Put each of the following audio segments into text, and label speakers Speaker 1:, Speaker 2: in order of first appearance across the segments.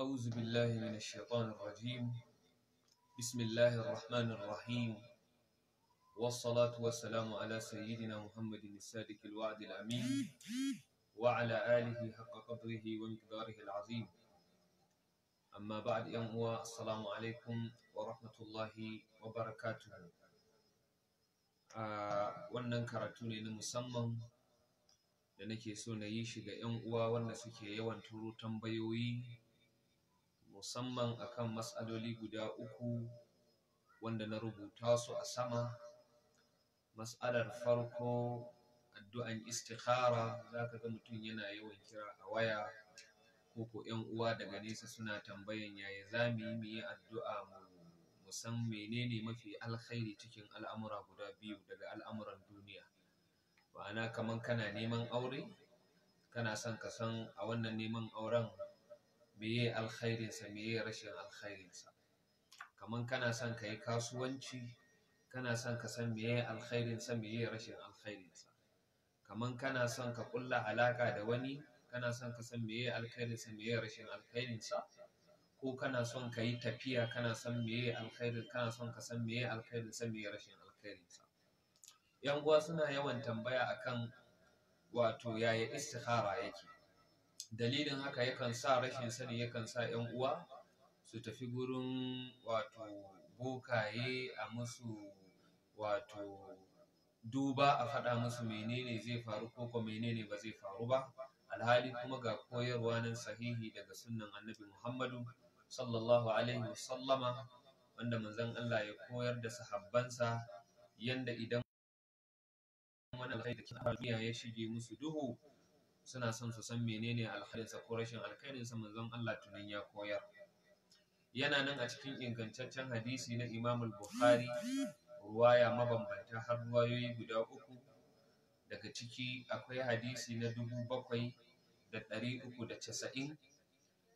Speaker 1: أعوذ بالله من الشيطان الرجيم بسم الله الرحمن الرحيم والصلاة والسلام على سيدنا محمد الصادق الوعد الأمين وعلى آله حق قدره ومقداره العظيم أما بعد يوم السلام عليكم ورحمة الله وبركاته wannan karatu ne na musamman da nake so na yi shi ga 'yan uwa wanda suke yawan turo tambayoyi musamman akan matsaloli guda uku wanda na rubuta su a sama matsalar farko addu'an istikhara za ka ga mutum yana yawan kira a waya ko ko ‘yan uwa daga nesa suna tambayan yaya za mu yi mu yi addu'a mu san menene mafi alkhairi cikin al'amura guda biyu daga al'amuran duniya ma'ana kamar kana neman aure kana son ka san a wannan neman auren meye alkhairinsa meye rashin alkhairinsa kaman kana son ka yi kasuwanci kana son ka san meye alkhairinsa meye rashin alkhairinsa kaman kana son ka kulla alaka da wani kana son ka san meye alkhairinsa meye rashin alkhairinsa ko kana son ka yi tafiya kana son meye alkhairin kana son ka san meye alkhairinsa meye rashin alkhairinsa yan uwa suna yawan tambaya akan wato yaya istikhara yake dalilin haka yakan sa rashin sani yakan sa 'yan uwa su tafi gurin wato bokaye a musu wato duba a faɗa musu menene zai faru ko ko menene ba zai faru ba alhali kuma ga koyarwa nan sahihi daga sunnan annabi muhammadu sallallahu alaihi wasallama wanda manzon Allah ya koyar da sahabbansa yanda idan wani alkhairi da ya shige musu duhu suna son su san menene alkhairinsa ko rashin alkhairinsa manzon Allah tunan ya koyar yana nan a cikin ingantaccen hadisi na Imam Bukhari ruwaya mabambanta har ruwayoyi guda uku daga ciki akwai hadisi na dubu bakwai da ɗari uku da casa'in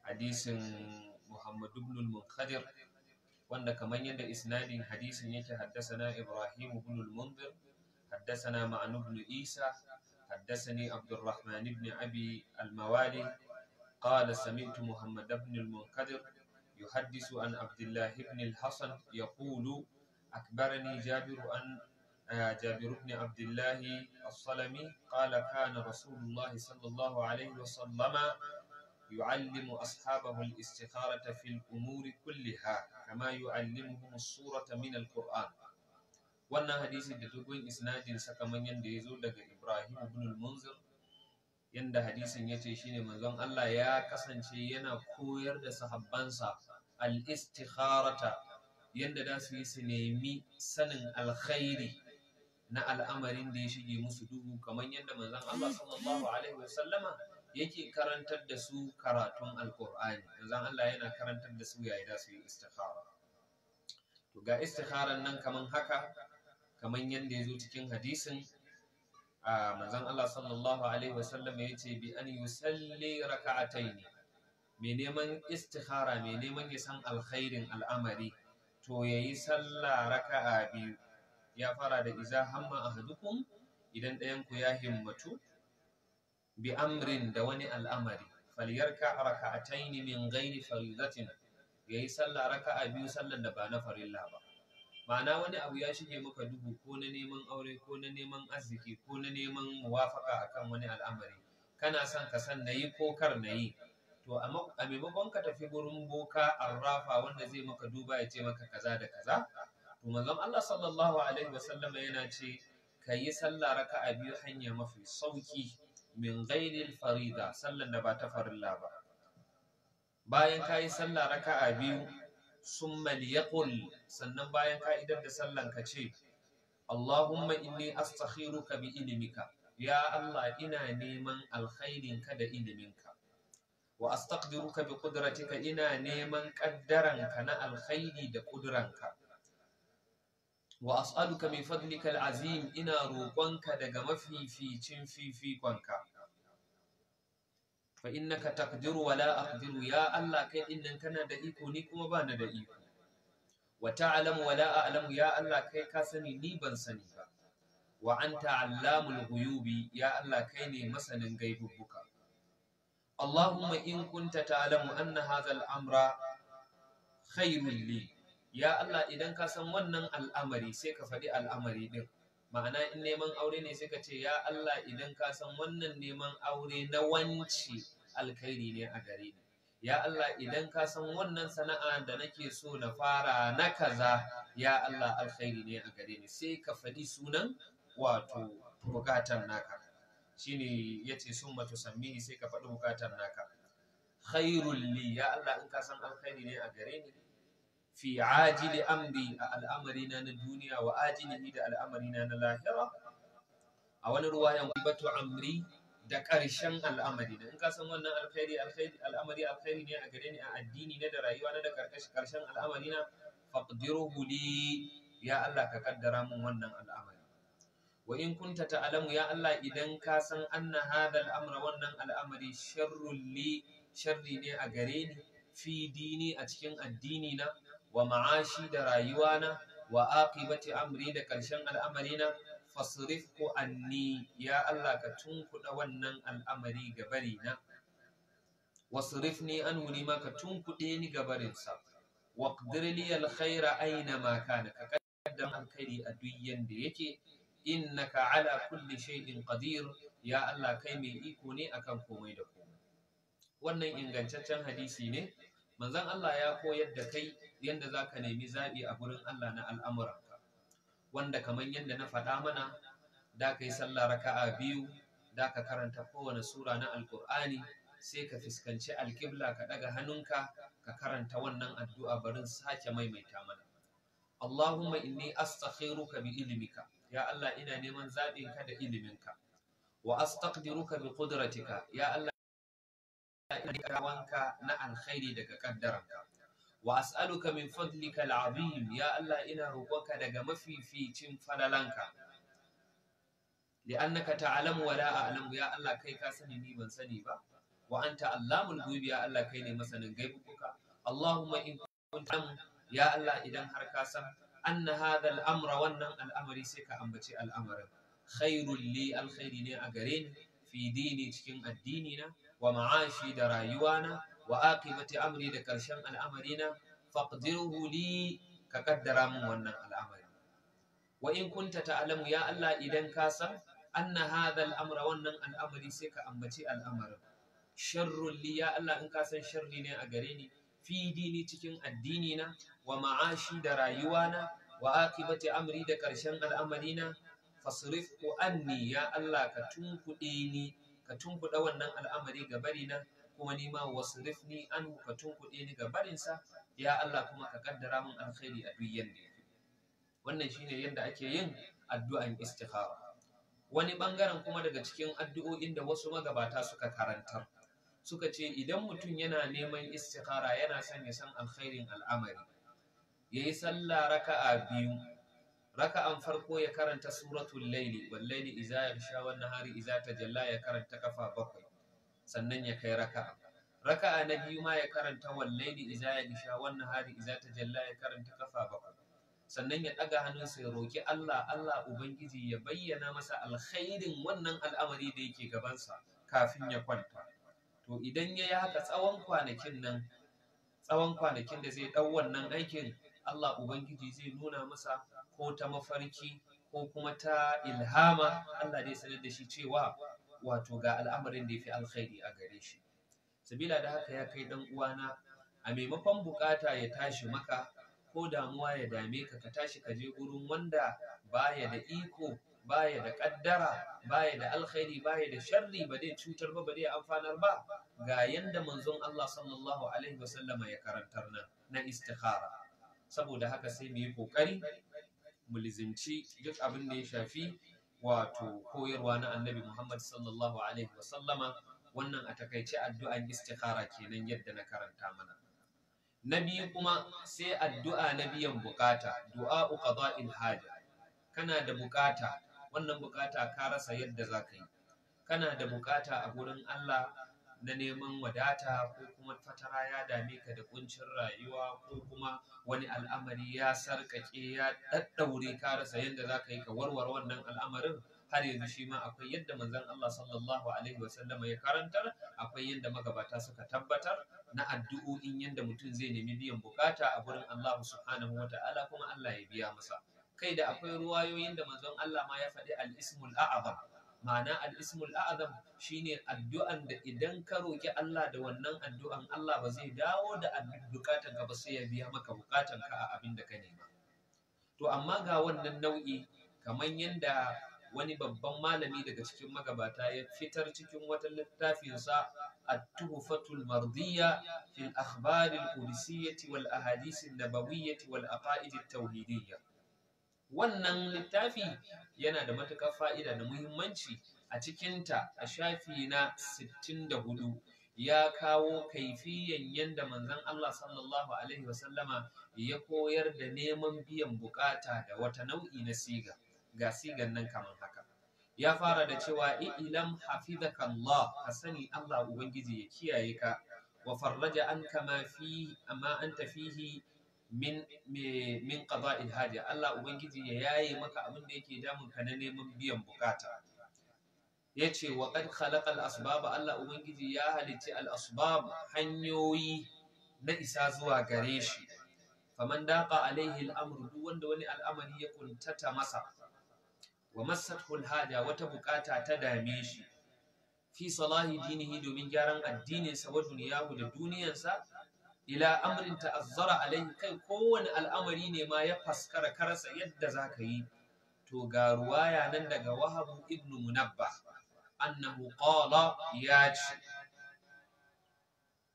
Speaker 1: hadisin Muhammadu ibn wanda kamar yadda isnadin hadisin yake haddasa na Ibrahim ibn munzir haddasa na ma'anu ibn Isa حدثني عبد الرحمن بن أبي الموالي قال سمعت محمد بن المنكدر يحدث عن عبد الله بن الحسن يقول أكبرني جابر أن آه، جابر بن عبد الله الصلمي قال كان رسول الله صلى الله عليه وسلم يعلم أصحابه الاستخارة في الأمور كلها كما يعلمهم الصورة من القرآن wannan hadisi da dogon isnadin sa kamar yadda ya zo daga Ibrahim ibn al-Munzir yadda hadisin ya ce shine manzon Allah ya kasance yana koyar da sahabbansa al-istikharata yadda da su yi su sanin alkhairi na al'amarin da ya shige musu duhu kamar yadda manzon Allah sallallahu alaihi wasallama yake karantar da su karatun alkur'ani manzon Allah yana karantar da su yayin da su yi istikhara to ga istikharan nan kaman haka kamar yadda ya zo cikin hadisin a manzon Allah sallallahu alaihi wasallam ya ce bi an yusalli raka'ataini mai neman istikhara mai neman ya san alkhairin al'amari to yayi sallah raka'a biyu ya fara da iza hamma ahadukum idan ɗayan ya himmatu bi amrin da wani al'amari falyarka raka'ataini min ghairi ya yayi sallah raka'a biyu sallan da ba na farilla ba ma'ana wani abu ya shige maka dubu ko na neman aure ko na neman arziki ko na neman muwafaka akan wani al'amari kana son ka san nayi ko kar nayi to a maimakon ka tafi gurin boka arrafa wanda zai maka duba ya ce maka kaza da kaza to manzon Allah sallallahu alaihi sallama yana ce ka yi sallah raka'a biyu hanya mafi sauki min ghairil farida sallan da ba ta farilla ba bayan kayi yi sallah raka'a biyu ya liyaqul sannan bayan ka'idar da sallan ka ce Allahumma inni astakhiruka bi ilimika ya Allah ina neman alkhairinka da iliminka wa ka bi ƙudratika ina neman ƙaddaranka na alkhairi da ƙudranka wa as'aluka min fadlika al'azim ina roƙonka daga mafificin fifikonka fa innaka taqdiru wa la aqdiru ya Allah kai din kana da iko ni kuma ba da iko wa ta'lamu wa la a'lamu ya Allah kai ka sani ni ban sani ba wa anta allamul ghuyubi ya Allah kai ne masanin gaibubbuka Allahumma in kunta ta'lamu anna hadha al-amra li ya Allah idan ka san wannan al'amari sai ka faɗi al'amari din ma'ana in neman aure ne sai ka ce ya Allah idan ka san wannan neman aure na wance alkhairi ne a gare ni ya Allah idan ka san wannan sana'a da nake so na fara na kaza ya Allah alkhairi ne a gare ni sai ka faɗi sunan wato bukatar naka shine yace sun matu sammihi sai ka faɗi bukatar naka khairul li ya Allah in ka san alkhairi ne a gare ni fi ajili amri a al'amarina na duniya wa ajilihi da al'amarina na lahira a wani ruwayan Bato amri da ƙarshen al'amari in ka san wannan alkhairi alkhairi al'amari alkhairi ne a gare ni a addini ne da rayuwa na da ƙarshen al'amari na faqdiruhu li ya Allah ka kaddara mun wannan al'amari wa in kunta ta'lamu ya Allah idan ka san anna hadha al'amra wannan al'amari sharrul li sharri ne a gare ni fi dini a cikin addini na wa ma'ashi da rayuwa na wa aqibati amri da ƙarshen al'amari na fasrifhu anni ya Allah ka tunkuɗa wannan al'amari ga barina wasrifni wuni ma ka tunkuɗe ni ga barinsa waqdir li alkhaira aina ma kana ka kaddam alkhairi a duk yanda yake innaka ala kulli shay'in qadir ya Allah kai mai iko ne akan komai da komai wannan ingantaccen hadisi ne manzon Allah ya koyar da kai yanda ka nemi zaɓi a gurin Allah na al'amura wanda kamar yadda na faɗa mana da ka yi sallah raka'a biyu da ka karanta kowane sura na alkur'ani sai ka fuskanci alkibla ka ɗaga hannunka ka karanta wannan addu'a barin sake maimaita mana Allahumma inni astakhiruka bi ilmika ya Allah ina neman zaɓinka da iliminka wa astaqdiruka bi qudratika ya Allah ina neman na alkhairi daga kaddaranka wa as'aluka min fadlika al'azim ya Allah ina roƙonka daga mafificin falalanka li'annaka ta'lamu wa la a'lamu ya Allah kai ka sani ni ban sani ba wa anta allamul ghuyub ya Allah kai ne masanin gaibuka Allahumma in kuntum ya Allah idan har ka san anna hadha al'amra wannan al'amari sai ka ambaci al'amarin khairul li alkhairi ne a gare ni fi dini cikin addini na wa ma'ashi da rayuwana wa aqibati amri da karshen al'amarina faqdirhu li ka kaddara min wannan al'amari wa in kunta ta'lamu ya Allah idan ka san anna hadha al'amra wannan al'amari sai ka ambaci al'amarin sharrun li ya Allah in ka san sharri ne a gare ni fi dini cikin addini na wa ma'ashi da rayuwana wa aqibati amri da karshen al'amarina fasrif anni ya Allah ka tunkuɗe ni ka tunkuɗa wannan al'amari ga barina kuma ni ma wasrifni an ka tunkuɗe ni ga barinsa ya Allah kuma ka kaddara min alkhairi a duk yanda yake wannan shine yanda ake yin addu'an istikhara wani bangaren kuma daga cikin addu'o'in da wasu magabata suka karantar suka ce idan mutum yana neman istikhara yana son ya san alkhairin al'amari yayi sallah raka'a biyu raka'an farko ya karanta suratul laili wal laili iza yasha wan nahari iza tajalla ya karanta kafa bakwai sannan ya kai raka'a raka'a na biyu ma ya karanta wallaili iza ya isha wannan hari iza ta jalla ya karanta kafa bakwai sannan ya ɗaga hannun ya roki Allah Allah ubangiji ya bayyana masa alkhairin wannan al'amari da yake gabansa kafin ya kwanta to idan ya yi haka tsawon kwanakin nan tsawon kwanakin da zai ɗau wannan aikin Allah ubangiji zai nuna masa ko ta mafarki ko kuma ta ilhama Allah zai sanar da shi cewa wato ga al'amarin da ya fi alkhairi a gare shi sabila da haka ya kai dan uwana a maimakon bukata ya tashi maka ko damuwa ya dame ka ka tashi ka je gurin wanda baya da iko baya da ƙaddara, baya da alkhairi baya da sharri ba zai cutar ba ba zai amfanar ba ga yanda manzon Allah sallallahu alaihi wasallama ya karantar nan na istikhara saboda haka sai mu yi kokari mu lizinci duk abin da ya shafi wato koyarwa na annabi Muhammad sallallahu alaihi wasallama wannan a takaice addu'an istikhara kenan yadda na karanta mana na biyu kuma sai addu'a na biyan bukata du'a qada'il haja kana da bukata wannan bukata ka rasa yadda za ka yi kana da bukata a gurin Allah na neman wadata ko kuma fatara ya dame ka da kuncin rayuwa ko kuma wani al'amari ya sarƙaƙe ya ɗaɗɗaure ka rasa yadda za ka yi ka warware wannan al'amarin har yanzu shi ma akwai yadda manzon Allah sallallahu alaihi sallam ya karantar akwai yadda magabata suka tabbatar na addu'o'in yadda mutum zai nemi biyan bukata a gurin Allah subhanahu Ta'ala kuma Allah ya biya masa kai da akwai ruwayoyin da manzon Allah ma ya faɗi al-ismul a'zam ma'ana al-ismul a'zam shine addu'an da idan ka roki Allah da wannan addu'an Allah ba zai dawo da bukatan ka ba sai ya biya maka bukatan ka a abin da ka nema to amma ga wannan nau'i kamar yadda wani babban malami daga cikin magabata ya fitar cikin wata littafinsa at-tuhfatul mardiyya fil akhbar al wal ahadith an-nabawiyyah wal aqaid at-tauhidiyyah wannan littafi yana da matuƙar fa'ida da muhimmanci a cikinta a shafi na 64 ya kawo kaifiyan yadda manzon Allah sallallahu alaihi wasallama ya koyar da neman biyan buƙata da wata nau'i na siga ga sigan nan kamar haka ya fara da cewa ilam hafizaka Allah ka sani Allah ubangiji ya kiyaye ka wa farraja an kama fi amma anta fihi min min qada'il haja Allah ubangiji ya yaye maka abin da yake damun ka na neman biyan bukata yace wa qad khalaqa asbab Allah ubangiji ya halitti al hanyoyi na isa zuwa gare shi faman daqa alaihi al amru duk wanda wani al'amari ya kuntata masa wa massathu haja wata bukata ta dame shi fi salahi dinihi domin gyaran addininsa wa duniyahu da duniyarsa ila amrin ta'azzara alayhi kai kowane al'amari ne ma ya faskara karasa yadda za ka yi to ga ruwaya nan daga wahabu ibn munabba annahu qala ya ce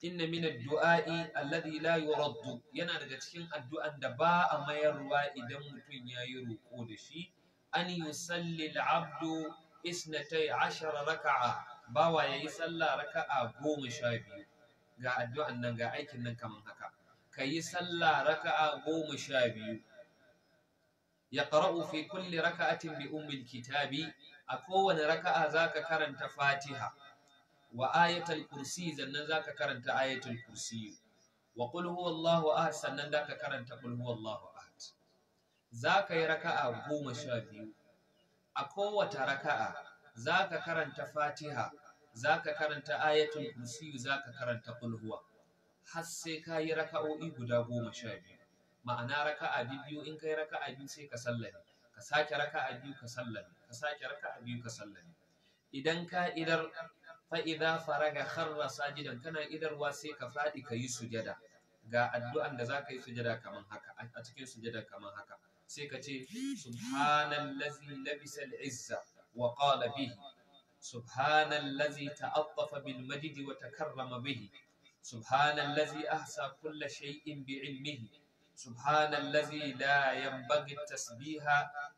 Speaker 1: inna min ad-du'a'i alladhi la yurad yana daga cikin addu'an da ba a mayarwa idan mutum yayi roko da shi an yusalli al-'abdu isnatay ashara raka'a bawa yayi sallah raka'a goma sha biyu ga addu'an nan ga aikin nan kaman haka ka yi sallah raka'a goma sha biyu ya ƙara'u fi kulli raka'atin bi ummil kitabi a kowane raka'a za ka karanta fatiha wa ayatul kursi sannan za ka karanta ayatul kursi wa qul huwallahu ahad sannan za ka karanta qul huwallahu ahad za ka yi raka'a goma sha biyu a kowace raka'a za ka karanta fatiha zaka karanta ayatul kursi za ka karanta huwa har sai ka raka'o'i guda goma sha biyu ma'ana raka'a biyu in kai raka'a biyu sai ka sallame ka sake raka'a biyu ka sallame ka sake raka'a biyu ka sallame idan ka idar idza faraga kharra sajidan kana idarwa sai ka faɗi ka sujada ga addu'an da zaka yi sujada kaman haka a cikin sujada kaman haka sai ka ce subhanallazi labisa al'izza wa qala bihi سبحان الذي تأطف بالمجد وتكرم به سبحان الذي أحصى كل شيء بعلمه سبحان الذي لا ينبغي التسبيح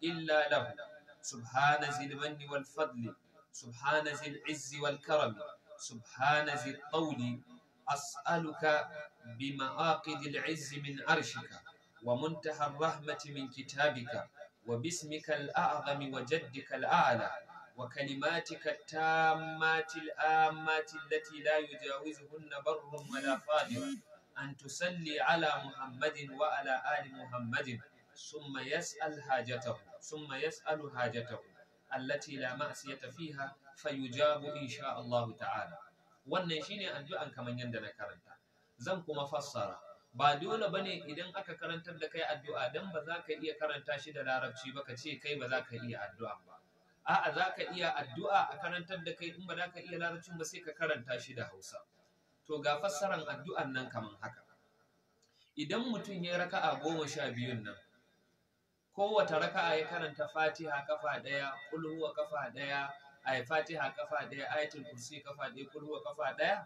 Speaker 1: إلا له سبحان ذي المن والفضل سبحان ذي العز والكرم سبحان ذي الطول أسألك بمعاقد العز من عرشك ومنتهى الرحمة من كتابك وباسمك الأعظم وجدك الأعلى wa kalimatika tammatil ammati allati la yujawizuhunna barrun wala fadira an tusalli ala muhammadin wa ala ali muhammadin summa yas'al hajatahu summa yas'alu hajatahu allati la ma'siyata fiha fayujabu insha Allah ta'ala wannan shine addu'an kaman yanda na karanta zan kuma fassara ba dole ne idan aka karantar da kai addu'a dan ba za ka iya karanta shi da larabci ba ka ce kai ba za ka iya addu'a ba a'a za ka iya addu'a a karantar da kai in ba za ka iya larabcin ba sai ka karanta shi da hausa to ga fassaran addu'an nan kaman haka idan mutum ya raka'a goma sha biyun nan kowace raka'a ya karanta fatiha kafa ɗaya kulhuwa kafa ɗaya a fatiha kafa ɗaya ayatul kursi kafa ɗaya kulhuwa kafa ɗaya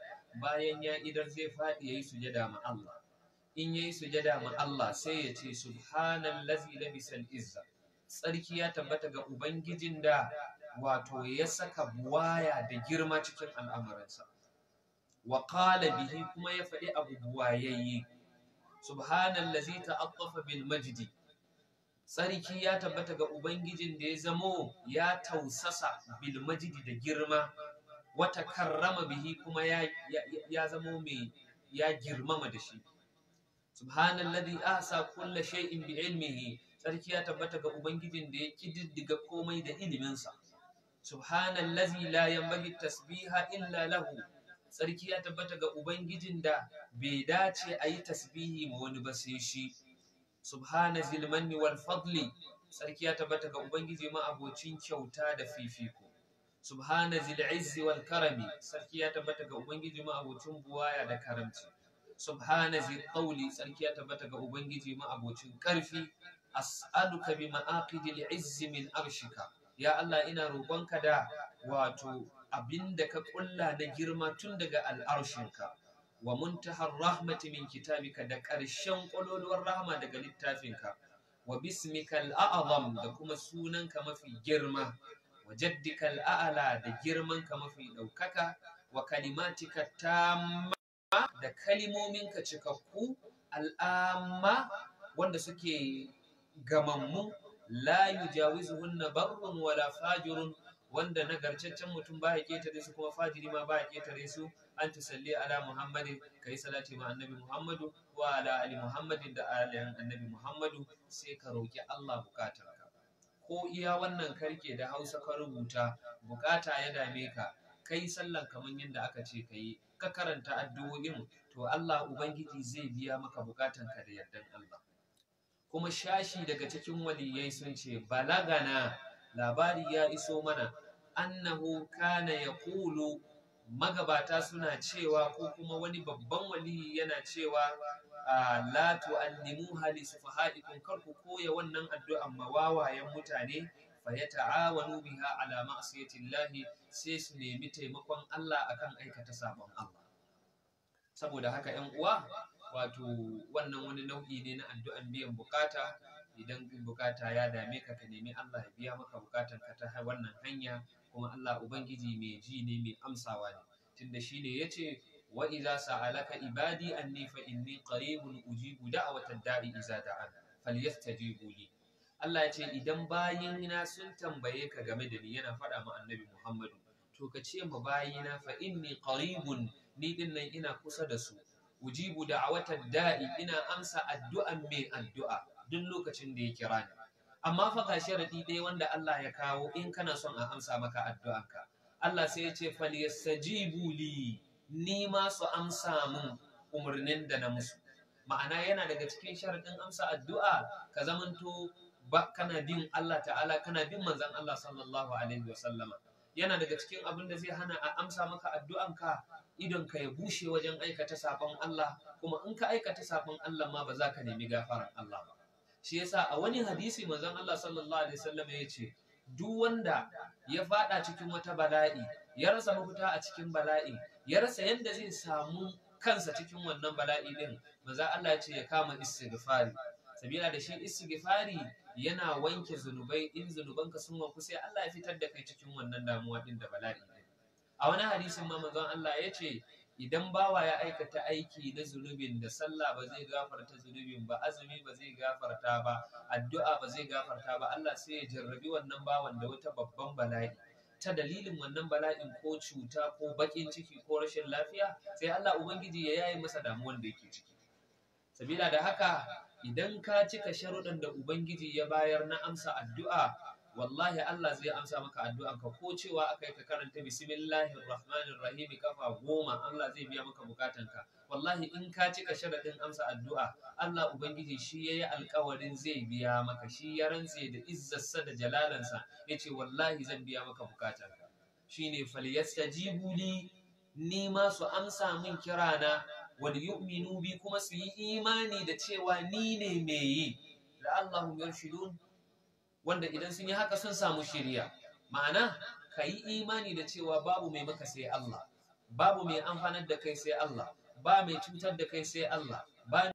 Speaker 1: bayan ya idan zai faɗi ya yi sujada ma Allah in ya yi sujada ma Allah sai ya ce subhanan lazi labisan izza tsarki ya tabbata ga ubangijin da wato ya saka buwaya da girma cikin al'amuransa wa bihi kuma ya faɗi abu buwayayye subhanallazi ta'attafa bil majidi. tsarki ya tabbata ga ubangijin da ya zamo ya tausasa bil majidi da girma wata karrama bihi kuma ya zamo mai ya girmama da shi ya sa kulla shay'in bi ilmihi sarki ya tabbata ga ubangijin da ya kididdiga komai da iliminsa lazi la yanbaghi tasbiha illa lahu sarki ya tabbata ga ubangijin da bai dace a yi tasbihi ma wani ba sai shi subhana zilmanni wal fadli sarki ya tabbata ga ubangiji ma abocin kyauta da fifiko subhana zil'izzi wal karami sarki ya tabbata ga ubangiji ma abocin buwaya da karamci subhana zil'auli sarki ya tabbata ga ubangiji ma abocin karfi as'aluka bi ma'aqidi al'izz min arshika ya Allah ina roƙonka da wato abinda ka kulla na girma tun daga al'arshinka wa muntahar rahmati min kitabika da ƙarshen ƙololuwar rahama daga littafinka wa bismika al'azam da kuma sunanka mafi girma wa jaddika al'ala da girmanka mafi ɗaukaka wa kalimatika tamma da kalimominka cikakku al'amma wanda suke gamammu la yujawizuhunna barrun wala fajirun wanda nagarcaccen mutum ba ya ketare su kuma fajiri ma ba ya ketare su an tusalli ala muhammadin ka yi salati ma annabi muhammadu wa ala ali muhammadin da alayan annabi muhammadu sai ka roƙi allah ka. ko iya wannan karke da hausa ka rubuta bukata ya dame ka kai sallan kamar yadda aka ce ka yi ka karanta addu'o'in to allah ubangiji zai biya maka bukatanka da yardan allah kuma shashi daga cikin waliyyai sun ce balagana labari ya iso mana annahu kana yaqulu magabata suna cewa ko kuma wani babban waliyi yana cewa la hali su sufahaikum kar ku koya wannan addu'an mawawayen mutane fa yata'awanu biha ala ma'siyati Allah sai su nemi taimakon Allah akan aikata sabon Allah saboda haka 'yan uwa wato wannan wani nau'i ne na addu'an biyan bukata idan bukata ya dame ka ka nemi Allah ya biya maka bukatan ka ta wannan hanya kuma Allah ubangiji mai ji ne mai amsawa ne tunda shine yace wa idza sa'alaka ibadi anni fa inni qaribun ujibu da'watad da'i idza da'an falyastajibu li Allah ya ce idan bayina sun tambaye ka game da ni yana faɗa ma annabi Muhammadu to ka ce ma bayina fa inni qaribun ni dinnan ina kusa da su ujibu watan da'i ina amsa addu'an mai addu'a duk lokacin da ya kira ni amma fa sharaɗi ɗaya dai wanda Allah ya kawo in kana son a amsa maka ka Allah sai ya ce falyastajibu li ni ma su amsa mun umarnin da na musu ma'ana yana daga cikin sharadin amsa addu'a ka zamanto ba kana bin Allah ta'ala kana bin manzon Allah sallallahu alaihi wasallama yana daga cikin abinda zai hana a amsa maka addu'anka idonka ya bushe wajen aikata sabon Allah kuma in ka aikata sabon Allah ma ba za ka nemi gafarar Allah ba shi yasa a wani hadisi manzon Allah sallallahu alaihi wasallam ya ce duk wanda ya faɗa cikin wata bala'i ya rasa mafuta a cikin bala'i ya rasa yadda zai samu kansa cikin wannan bala'i din manzon Allah ce ya kama istighfari sabila da shi istighfari yana wanke zunubai in zunubanka sun wanku sai Allah ya fitar da kai cikin wannan damuwa din da bala'i a wani hadisin ma manzon Allah ya ce idan bawa ya aikata aiki na zunubin da sallah ba zai gafarta zunubin ba azumi ba zai gafarta ba addu'a ba zai gafarta ba Allah sai ya jarrabi wannan bawan da wata babban bala'i ta dalilin wannan bala'in ko cuta ko bakin ciki ko rashin lafiya sai Allah ubangiji ya yaye masa damuwar da yake ciki sabila da haka idan ka cika sharuɗan da ubangiji ya bayar na amsa addu'a wallahi Allah zai amsa maka addu'an ka ko cewa akai ka karanta bismillahir rahmanir rahim kafa goma Allah zai biya maka bukatan ka wallahi in ka cika sharadin amsa addu'a Allah ubangiji shi yayi alƙawarin zai biya maka shi ya rantse da izzarsa da jalalansa yace wallahi zan biya maka bukatan ka shine falyastajibu li ni ma su amsa min kirana wal yu'minu bi kuma su yi imani da cewa ni ne mai yi la Allahum wanda idan sun yi haka sun samu shirya. ma'ana ka yi imani da cewa babu mai maka sai Allah babu mai amfanar da kai sai Allah ba mai cutar da kai sai Allah ba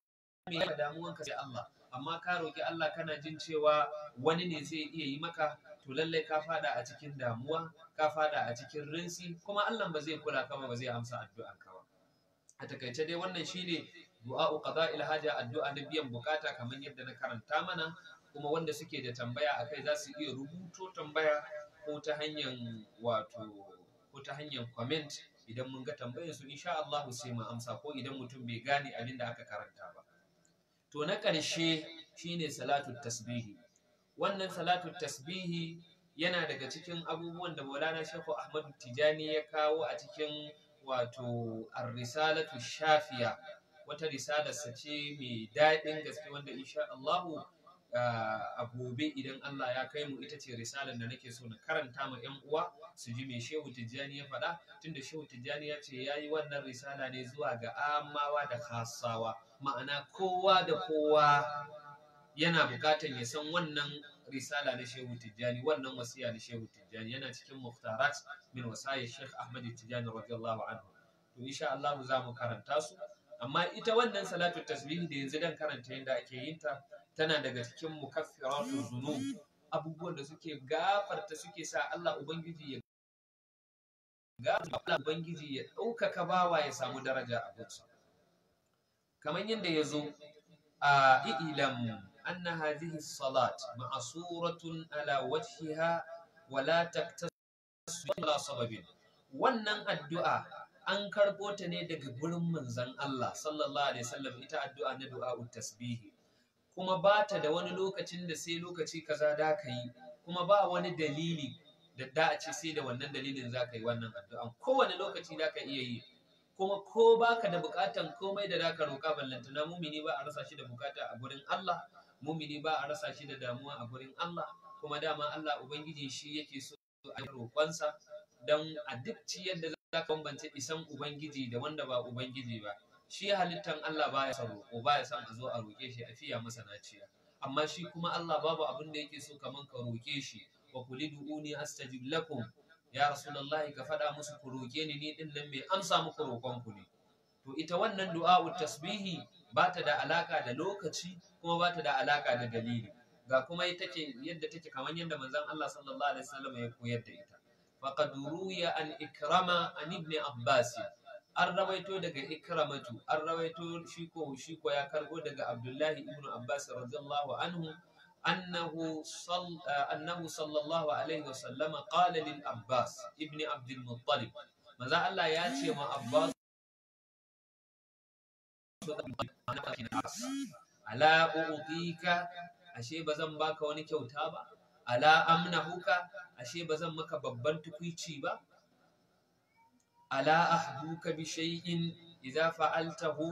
Speaker 1: mai yaka damuwanka sai Allah amma ka roƙi Allah kana jin cewa wani ne zai iya yi maka to lallai ka fada a cikin damuwa ka fada a cikin rinsi kuma Allah ba zai kula ka ba zai amsa addu'a ka ba a takaice dai wannan shine du'a'u qada'il haja addu'a na biyan bukata kamar yadda na karanta mana kuma wanda suke da tambaya a kai za su iya rubuto tambaya ko ta hanyar wato ko ta hanyar comment idan mun ga tambayar su insha Allah sai mu amsa ko idan mutum bai gane abin da aka karanta ba to na ƙarshe shine salatu tasbihi wannan salatu tasbihi yana daga cikin abubuwan da Maulana Shehu Ahmad Tijani ya kawo a cikin wato ar-risalatu shafiya wata risalarsa ce mai daɗin gaske wanda insha Allah a gobe idan Allah ya kai mu ita ce risalar da nake so na karanta ma 'yan uwa su ji mai Shehu Tijjani ya faɗa tunda Shehu Tijjani ya ce ya yi wannan risala ne zuwa ga amawa da kasawa ma'ana kowa da kowa yana bukatan ya san wannan risala na Shehu Tijjani wannan wasiya na Shehu Tijjani yana cikin muftarat min wasaya Sheikh Ahmad Tijjani radiyallahu anhu to insha Allah za mu karanta su amma ita wannan salatu tasbih da yanzu dan karanta yadda ake yin ta tana daga cikin mukaffiratu mm. zunu abubuwan da suke gafarta suke sa Allah ubangiji ya gafarta Allah ubangiji ya ɗaukaka bawa ya samu daraja a gunsa kamar yadda ya zo a ilam anna hadhihi salat suratun ala wajhiha wa la taktasu ala sababin wannan addu'a an karɓo ta ne daga gurin manzon Allah sallallahu alaihi wasallam ita addu'a na du'a tasbihi kuma ba ta da wani lokacin da sai lokaci kaza da ka yi kuma ba wani dalili da da a ce sai da wannan dalilin za ka yi wannan addu'an kowane lokaci za ka iya yi kuma ko ba ka da bukatan komai da zaka roka ballantana mumini ba a rasa shi da bukata a gurin Allah mumini ba a rasa shi da damuwa a gurin Allah kuma dama Allah ubangiji shi yake so a roƙonsa don a duk ciyar da ka bambance isan ubangiji da wanda ba ubangiji ba shi halittan Allah baya son roƙo baya son a zo a roƙe shi a fiya masa naciya amma shi kuma Allah babu abin da yake so kaman ka roƙe shi wa kuli du'uni astajib lakum ya rasulullahi ka faɗa musu ku roƙe ni ni din nan mai amsa muku roƙon ku ne to ita wannan du'a'u tasbihi ba ta da alaka da lokaci kuma ba ta da alaka da dalili ga kuma ce yadda take kamar yadda manzon Allah sallallahu alaihi wasallam ya koyar da ita faqad ya an ikrama an ibn abbas an rawaito daga ikramatu an rawaito shiko shiko ya karbo daga abdullahi Ibnu abbas radiyallahu anhu annahu annahu sallallahu alaihi wa sallama qala lil abbas Ibni abd al muttalib maza Allah ya ce ma abbas ala u'tika ashe bazan baka wani kyauta ba ala amnahuka ashe bazan maka babban tukwici ba ala ahduka bi shay'in idza fa'altahu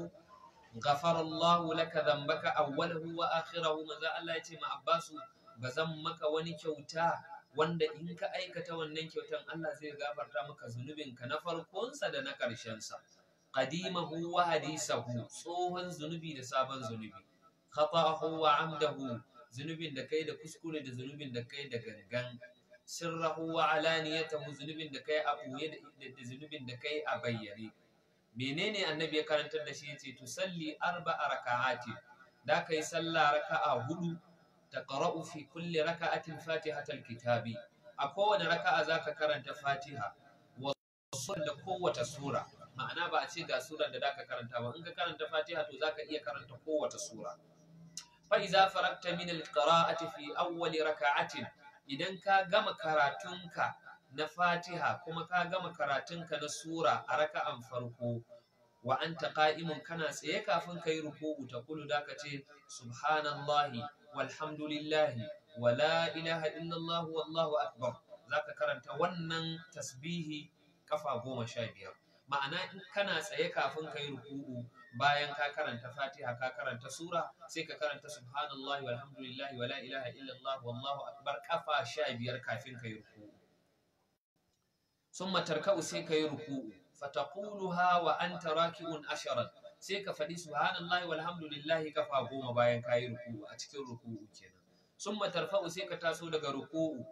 Speaker 1: ghafara Allah laka dhanbaka awwalahu wa akhirahu maza Allah yace ce ma Abbasu bazan maka wani kyauta wanda in ka aikata wannan kyautan Allah zai gafarta maka zunubinka na farkonsa da na karshensa qadimahu wa hadisahu tsohon zunubi da sabon zunubi khata'ahu wa amdahu zunubin da kai da kuskure da zunubin da kai da gangan sirrahu wa alaniyatahu zunubin da kai a buye da zunubin da kai a bayyane menene annabi ya karantar da shi yace tusalli arba'a raka'ati da kai sallah raka'a hudu taqra'u fi kulli raka'atin fatihatal kitabi a kowane raka'a zaka karanta fatiha wa da kowace sura ma'ana ba a ce ga suran da zaka karanta ba in ka karanta fatiha to zaka iya karanta kowace sura fa iza faragta min al fi awwali raka'atin idan ka gama karatunka na fatiha kuma ka gama karatunka na sura a raka'an farko wa anta qa'imun kana tsaye kafin ka yi ruku'u ta kulu da ka ce subhanallahi walhamdulillahi wa la ilaha illallah wallahu akbar zaka karanta wannan tasbihi kafa goma sha biyar ma'ana in kana tsaye kafin ka yi ruku'u bayan ka karanta fatiha ka karanta sura sai ka karanta subhanallahi walhamdulillahi wala ilaha illallah wallahu akbar kafa sha biyar kafin ka yi ruku'u summa tarka'u sai ka yi ruku'u fataquluha wa anta raki'un asharan sai ka faɗi subhanallahi walhamdulillahi kafa goma bayan ka yi ruku'u a cikin ruku'u kenan summa tarfa'u sai ka taso daga ruku'u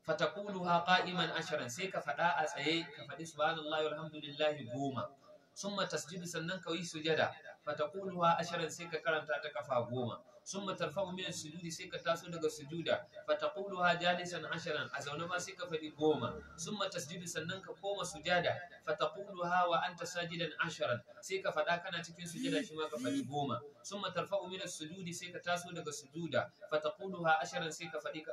Speaker 1: fatakuluha qa'iman asharan sai ka faɗa a tsaye ka faɗi subhanallahi walhamdulillahi goma summa tasjudu sannan ka yi sujada fatakuluha ashirin sai ka karanta ta kafa goma Sun tarfa'u min sujudi sai ka taso daga sujuda fatakuluha jalisan ashirin a zaune ma sai ka faɗi goma summa tasjudu sannan ka koma sujada fatakuluha wa anta sajidan ashirin sai ka faɗa kana cikin sujada shi ma ka faɗi goma Sun tarfa'u min sujudi sai ka taso daga sujuda fatakuluha ashirin sai ka faɗi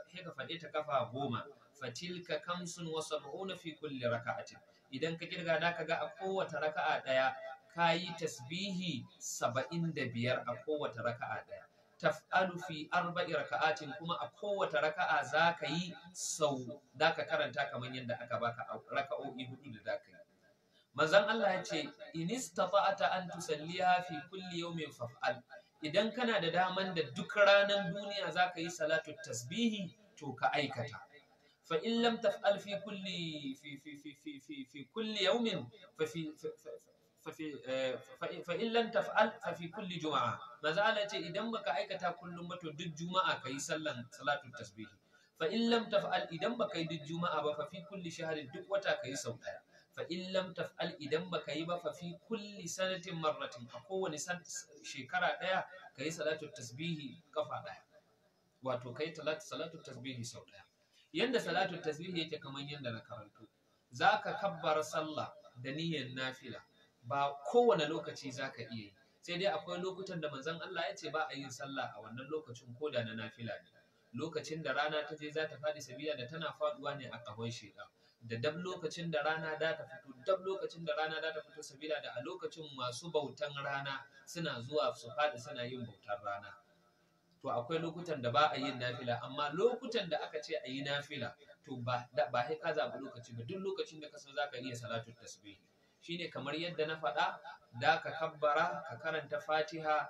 Speaker 1: ta kafa goma fatilka kamsun wasu mauna fi kulli raka'atin idan ka kirga da ka ga a kowace raka'a ɗaya ka yi tasbihi saba'in da biyar a kowace raka'a ɗaya taf'alu fi arba'i raka'atin kuma a kowace raka'a za ka yi sau da ka karanta kamar yadda aka baka raka'o'i hudu da za ka yi manzon Allah ya ce in istata'ata an tusalliha fi kulli yawmin faf'al idan kana da daman da duk ranar duniya za ka yi salatu tasbihi to ka aikata fa in lam taf'al fi kulli juma'a manzo Allah ce idan baka aikata kullum ba to kayi juma'a kai sallan salatul tasbih fa in lam taf'al idan baka yi duk ba fa fi kulli shahrin duk wata kayi sau daya fa in lam taf'al idan baka yi ba fa fi kulli sanatin marratin a kowane shekara ɗaya kai salatul tasbihi kafa wato salatu tasbihi sau ɗaya. yanda salatu tasbih yake kamar yanda na karanto zaka kabbara sallah da niyyar nafila ba kowane lokaci zaka iya yi sai dai akwai lokutan da manzon Allah ya ce ba a yin sallah a wannan lokacin da na nafila ne lokacin da rana ta je za ta faɗi sabila da tana faduwa ne a kahon shaidan da dab lokacin da rana da ta fito dab lokacin da rana da ta fito sabila da a lokacin masu bautan rana suna zuwa su faɗi suna yin bautar rana to akwai lokutan da ba a yin nafila amma lokutan da aka ce a yi nafila to ba ba sai ka zaɓi lokaci ba duk lokacin da ka san zaka iya salatu tasbih shine kamar yadda na faɗa da ka kabbara ka karanta fatiha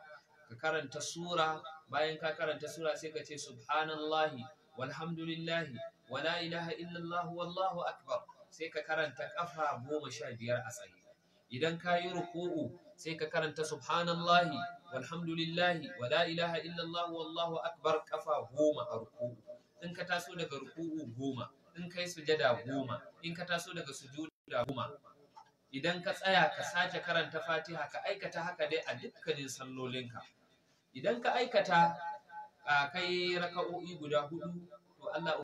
Speaker 1: ka karanta sura bayan ka karanta sura sai ka ce subhanallahi walhamdulillahi wala ilaha illallah wallahu akbar sai ka karanta kafa goma sha biyar a tsaye idan ka yi ruku'u sai ka karanta subhanallahi walhamdulillahi wa la ilaha illallah wallahu akbar kafa goma a ruku'u in ka taso daga ruku'u goma in ka yi sujada goma in ka taso daga sujuda goma idan ka tsaya ka sake karanta fatiha ka aikata haka dai a dukkanin sallolinka idan ka aikata a kai raka'o'i guda hudu to Allah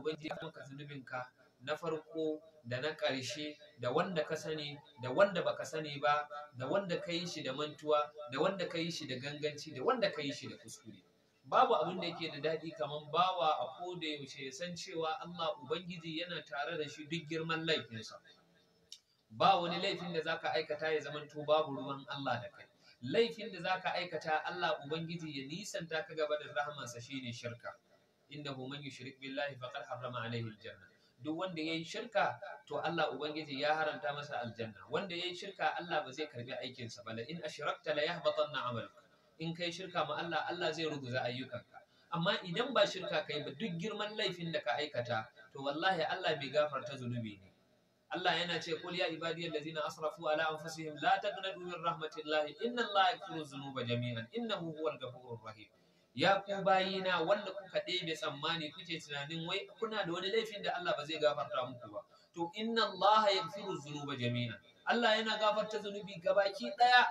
Speaker 1: ubangiji ya maka zunubinka na farko da na ƙarshe da wanda ka sani da wanda baka sani ba da wanda ka yi shi da mantuwa da wanda ka yi shi da ganganci da wanda ka yi shi da kuskure babu abin da yake da daɗi kamar bawa a koda yaushe ya san cewa Allah Ubangiji yana tare da shi duk girman laifinsa ba wani laifin da zaka aikata ya zamanto babu ruwan Allah da kai laifin da zaka aikata Allah Ubangiji ya nisanta ka gaba da shi shine shirka innahu man yushrik billahi faqad harrama alaihi aljanna duk wanda ya yi shirka to Allah ubangiji ya haranta masa aljanna wanda ya yi shirka Allah ba zai karbi aikinsa ba. bala in ashrakta la na amal in kai shirka ma Allah Allah zai ruguza ayyukanka amma idan ba shirka kai ba duk girman laifin da ka aikata to wallahi Allah bai gafarta zunubi ne Allah yana ce qul ya ibadiyal ladina asrafu ala anfusihim la taqnatu min rahmatillahi inna Allaha yaghfiru dhunuba jami'an innahu huwal ghafurur rahim ya ku bayina wanda kuka ɗebe tsammani kuke tunanin wai kuna da wani laifin da Allah ba zai gafarta muku ba to inna Allah yaghfiru dhunuba jami'a Allah yana gafarta zunubi gabaki ɗaya.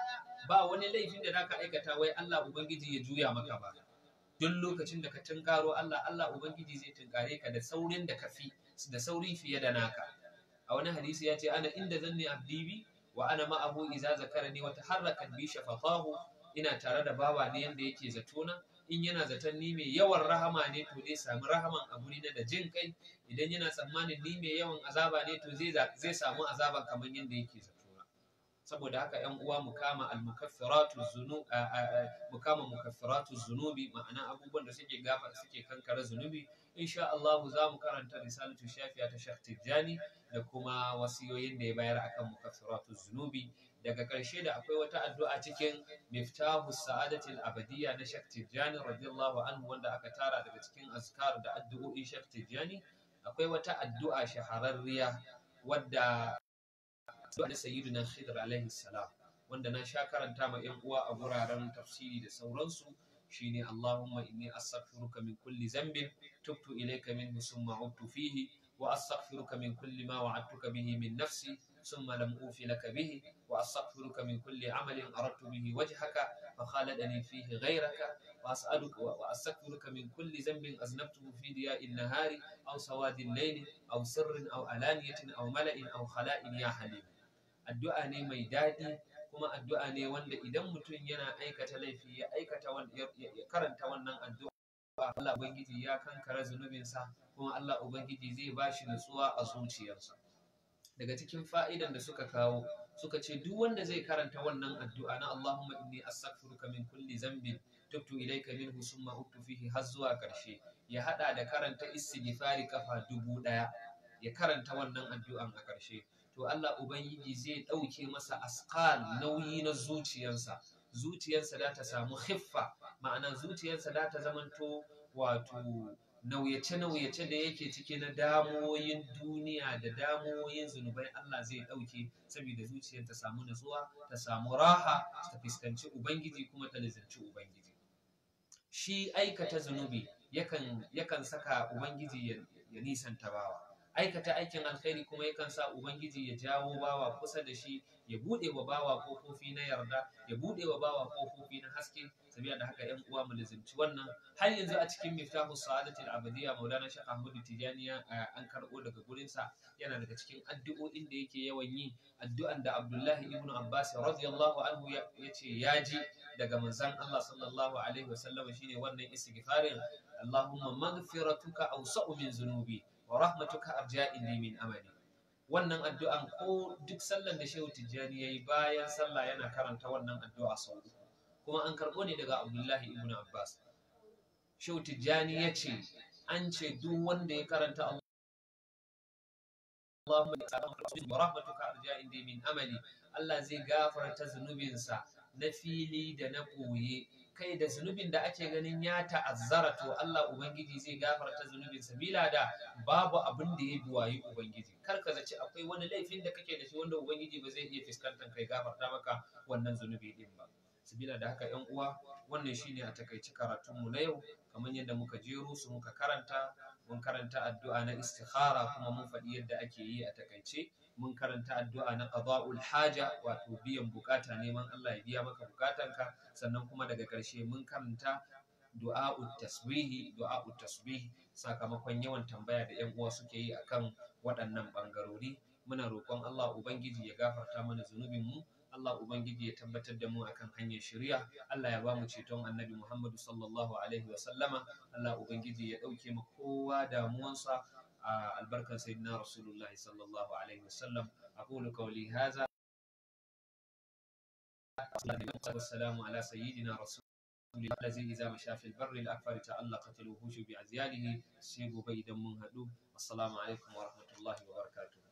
Speaker 1: ba wani laifin da zaka aikata wai Allah ubangiji ya juya maka ba duk lokacin da ka tunkaro Allah Allah ubangiji zai tunkare ka da saurin da kafi da sauri fiye da naka a wani hadisi ya ce ana inda zanni abdibi wa ana ma'ahu iza zakarani wa taharrakat bi shafaqahu ina tare da baba ne yanda yake zatona in yana zaton ni mai yawan rahama ne to zai sami rahaman a guri na da jin kai idan yana tsammanin ni mai yawan azaba ne to zai samu azaba kamar yadda yake zato saboda haka yan uwa mu kama al-mukaffiratu zunu mu mukaffiratu zunubi ma'ana abubuwan da suke gafa suke kankare zunubi insha Allah za mu karanta risalatu shafiya ta Sheikh Tijani da kuma wasiyoyin da ya bayar akan mukaffiratu zunubi daga ƙarshe da akwai wata addu'a cikin miftahu sa'adatil abadiyya na Sheikh Tijjani radiyallahu anhu wanda aka tara daga cikin azkar da addu'o'in Sheikh Tijjani akwai wata addu'a shahararriya wadda addu'a na sayyidina Khidr alaihi salam wanda na sha karanta ma 'yan uwa a guraren tafsiri da sauransu shine Allahumma inni astaghfiruka min kulli zambin tubtu ilayka minhu summa udtu fihi wa astaghfiruka min kulli ma wa'adtuka bihi min nafsi ثم لم أوفي لك به وأستغفرك من كل عمل أردت به وجهك فخالدني فيه غيرك وأسألك وأستغفرك من كل ذنب أذنبته في ضياء النهار أو سواد الليل أو سر أو علانية أو ملأ أو خلاء يا حليم الدعاء نيمي دادي kuma addu'a ne wanda idan mutum yana aikata laifi ya aikata ya karanta wannan addu'a Allah ubangiji ya kankara zunubinsa kuma Allah ubangiji zai bashi nutsuwa a zuciyarsa daga cikin fa'idan da suka kawo suka ce duk wanda zai karanta wannan addu'a na Allahumma inni astaghfiruka min kulli zambin tubtu ilayka minhu summa ubtu fihi har zuwa karshe ya haɗa da karanta istighfari kafa dubu ɗaya, ya karanta wannan addu'an a karshe to Allah ubangiji zai dauke masa asqal nauyi na zuciyarsa zuciyarsa za ta samu khiffa ma'ana zuciyarsa za ta zamanto wato nauyace-nauyace da yake cike na damoyin duniya da damoyin zunubai Allah zai ɗauke saboda zuciyar ta samu natsuwa ta samu raha ta fuskanci ubangiji kuma ta nazarci ubangiji shi aikata zunubi yakan saka ubangiji ya nisanta tabawa. aikata aikin alkhairi kuma yakan sa ubangiji ya jawo bawa kusa da shi ya buɗewa wa bawa kofofi na yarda ya buɗewa wa bawa kofofi na haske sabiya da haka yan uwa mu lazimci wannan har yanzu a cikin miftahu sa'adati al-abadiyya maulana shaikh ahmadu tijani eh, an karɓo daga gurin sa yana daga cikin addu'o'in da yake yawan yi addu'an da abdullahi ibnu abbas radiyallahu anhu yace ya ji daga manzon Allah sallallahu alaihi wasallam shine wannan istighfarin Allahumma maghfiratuka awsa'u min zunubi wa rahmatuka arja'i li min amali wannan addu'an ko duk sallan da Shehu Tijjani yayi bayan sallah yana karanta wannan addu'a sau uku kuma an karɓo ne daga Abdullahi ibn Abbas Shehu Tijjani yace ce an ce duk wanda ya karanta Allah Allahumma wa rahmatuka arja'in li min amali Allah zai gafarta zunubinsa na fili da na koye kai da zunubin da ake ganin ya ta'azzara to Allah Ubangiji zai gafarta zunubin sabila da babu abin da ya biwayi Ubangiji kar ka zaci akwai wani laifin da kake da shi wanda Ubangiji ba zai iya fuskantar kai gafarta maka wannan zunubi din ba sabila da haka 'yan uwa wannan shine a takaici karatunmu na yau kamar yadda muka jero su muka karanta mun karanta addu'a na istikhara kuma mun faɗi yadda ake yi a takaice mun karanta addu'a na qada'ul haja wato biyan bukata neman Allah ya biya maka bukatanka sannan kuma daga ƙarshe mun karanta du'a'ut taswihi du'a'ut tasbih sakamakon yawan tambaya da ƴan uwa suke yi akan waɗannan bangarori muna roƙon Allah ubangiji ya gafarta mana zunubin mu Allah ubangiji ya tabbatar da mu akan hanyar shari'a Allah ya ba mu ceton annabi Muhammadu sallallahu alaihi wa sallama Allah ubangiji ya dauke mu kowa damuwansa a albarkar sayyidina rasulullah sallallahu alaihi wa sallam aqulu qawli hadha wassalamu ala sayyidina rasul الذي إذا مشى في البر الأكبر تعلقت الوحوش بأزياله سيبوا بيدا من هدوء والسلام عليكم ورحمة الله وبركاته